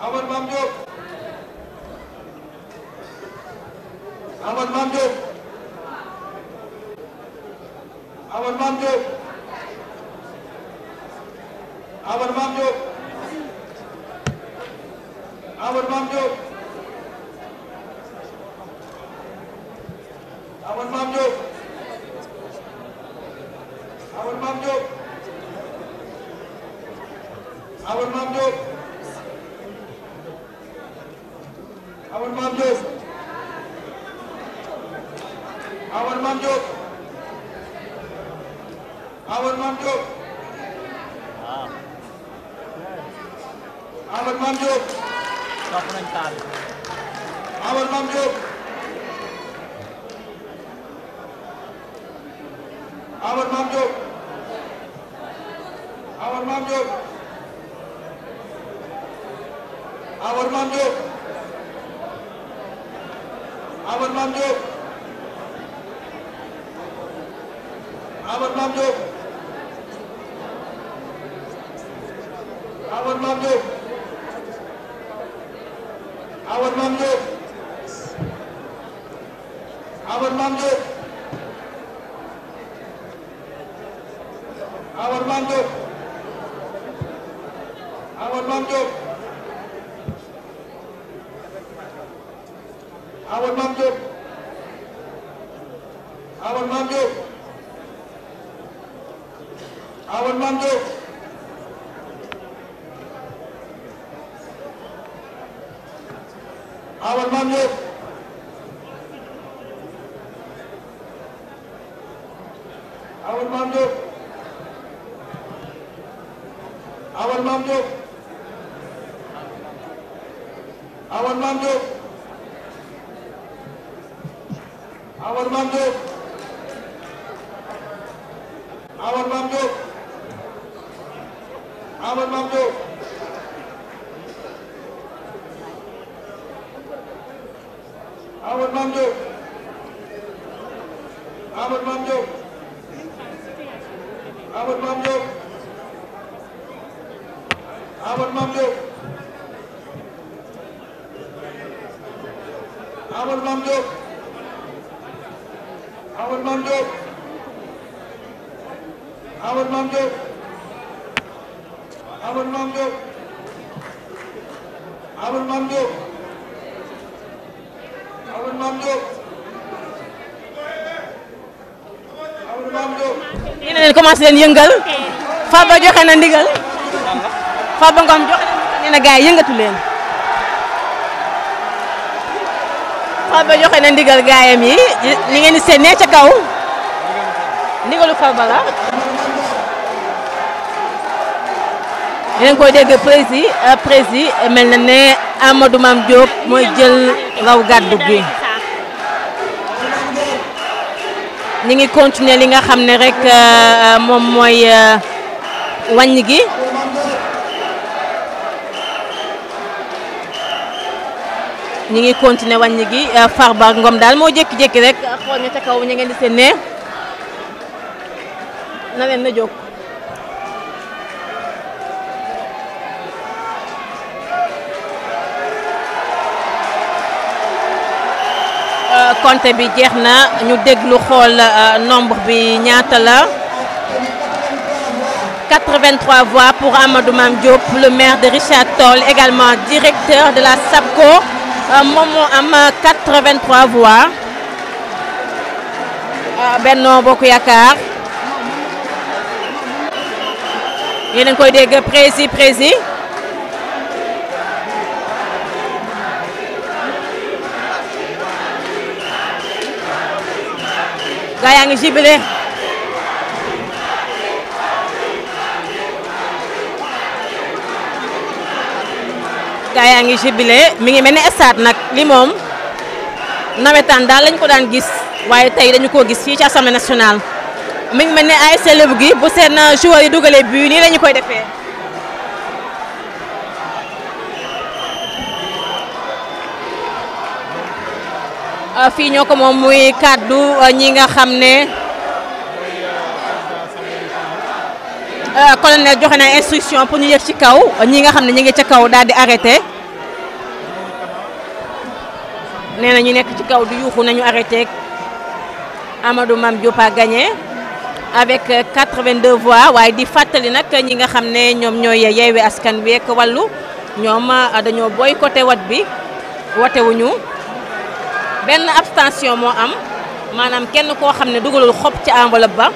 Amadou Mame Diop Amadou Mame Diop Amadou Mame Diop Amadou Mame Diop Amadou Mame Diop Amadou Mame Diop Amadou Mame Diop Amadou Mame Diop Mame Diop Amadou Mame Diop Amadou ah. Mame Diop topp nañ Amadou Mame Diop Amadou Mame Diop Amadou Mame Diop Amadou Mame Diop Amadou Mame Diop Amadou Mame Diop Amadou Mame Diop Amadou Mame Diop awoon maam Diop awoon maam Diop awoon maam Diop awoon maam Diop awoon maam Diop awoon maam Diop Amadou Mame Diop Amadou Mame Diop Amadou Mame Diop Amadou Mame Diop Amadou Mame Diop Amadou Mame Diop Amadou Mame Diop Amadou Mame Diop Amadou Mame Diop Amadou Mame Diop Amadou Mame Diop leen commencé leen joxe na ndigal Farba Ngom joxe na ndigal nee na leen Farba joxe na ndigal gaayam yi li ngeen di seen ne ca kaw ndigalu Farba la yéen koy dégg prési euh, prési mel na ne Amadou Mame mooy jël raw gàddu gi ñi ngi continuer li nga xam ne rek euh, euh, moom mooy wàññi gi ñi ngi continuer wàññi gi ba ngoom daal moo jékki-jékki rek xool nga ca kaw ñu ngeen di seen ne na leen na jóg compte bi jeex na ñu déglu xool euh, nombre bi ñaata la 83 voix pour Amadou Mame Diop le maire de Richard Toll également directeur de la SAPCO euh, moom moo am 83 voix euh, Benno Bokk Yaakaar yéen a ngi gaa yaa ngi jibile gaa yaa ngi jibile mi ngi mel ni stade nag li moom nawetaan daal lañ ko daan gis waaye tey dañu koo gis fii ci assemblée nationale mu ngi mel ni ASC gi bu seen joueurs yi dugalee bu nii lañu koy defee Euh, fii ñoo ko moom muy kàddu euh, ñi nga xam ne euh, colonel joxe na instruction pour ñu yëg ci kaw ñi nga xam ne ñi ngi ca kaw daal di arrêté nee na ñu nekk ci kaw di yuuxu nañu arrêté Amadou Mame Diop a gagné avec 82 voix waaye di fàttali nag ñi nga xam ne ñoom ñooy yeewi askan wi ak wàllu ñoom dañoo boycotté wat bi watewuñu benn abstention moo am maanaam kenn koo xam ne dugalul xob ci enveloppe ba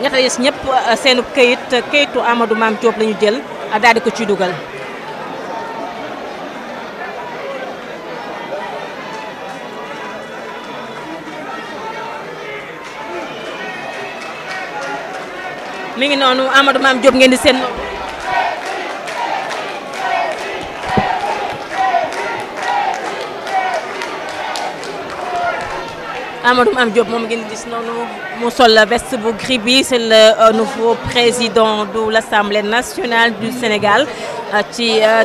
ñett gis ñëpp euh, seenu këyit këyitu Amadou Mame Diop la jël euh, daal di ko ciy dugal. mi ngi noonu Amadou Mame Diop ngeen di seen. Amadou Mame Diop moom ngeen gis noonu mu sol la veste bu gris bi c'est le euh, nouveau président de l'Assemblée nationale du Sénégal euh, ci euh,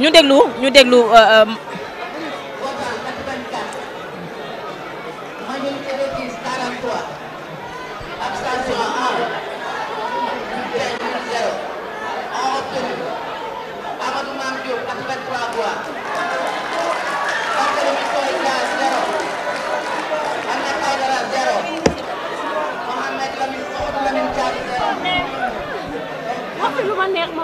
ñu déglu ñu déglu lu ma neex ma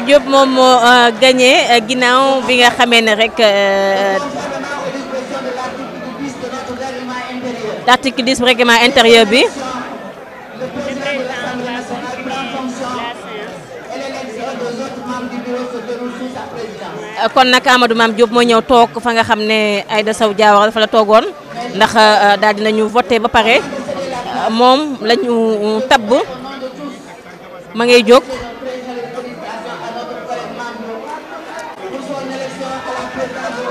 moom moo euh, gagné euh, ginnaaw bi nga xamee ne rek. Euh, article 10 règlement intérieur bi. Euh, kon nag Amadou Mame Diop moo ñëw toog fa nga xam ne Aïda Sow Diawara dafa la toogoon ndax euh, daal dinañu voté ba pare euh, moom lañu tabb ma ngay jóg.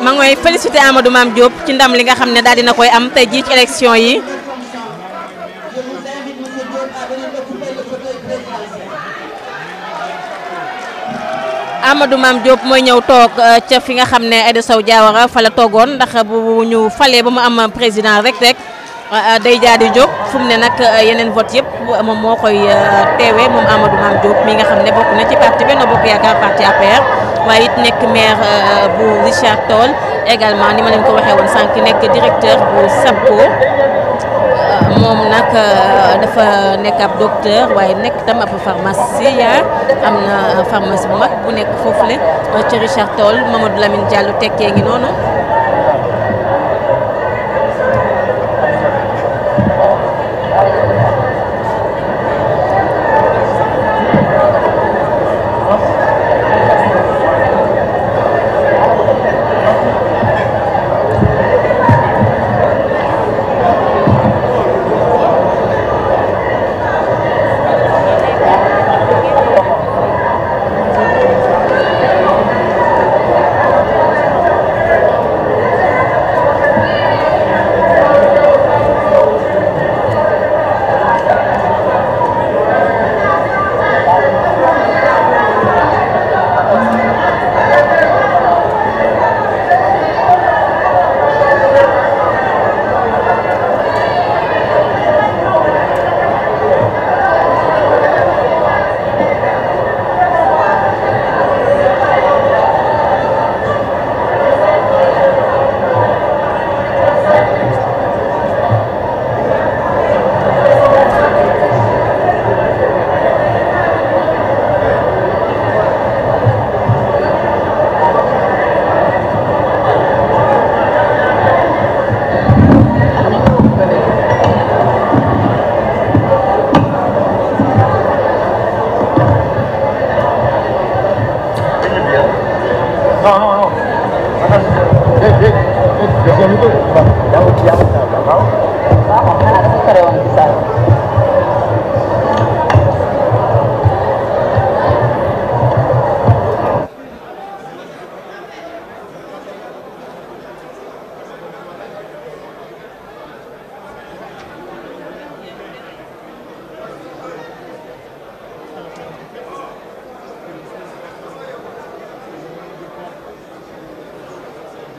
ma ngay félicité Amadou maam Diop ci ndam li nga xam ne daal dina koy am tey jii ci yi. Amadou Mame Diop mooy ñëw toog euh, ca fi nga xam ne Aïda Sow Diawara fa la toogoon ndax bu ñu falee ba mu am président rek rek euh, euh, day jaar di Diop fu mu ne nag yeneen vote yëpp moom moo koy teewee moom Amadou Mame mi nga xam ne bokk na ci parti Benno Bokk Yaakaar parti APR waaye it nekk maire bu Richard Toll également ni ma leen ko waxee woon sànq nekk directeur bu SAPCO moom nag. dafa nekk ab docteur waaye nekk tam ab pharmacien am na pharmacie bu mag bu nekk foofule ca Richard Toll Mamadou Lamine Diallo tekkee ngi noonu.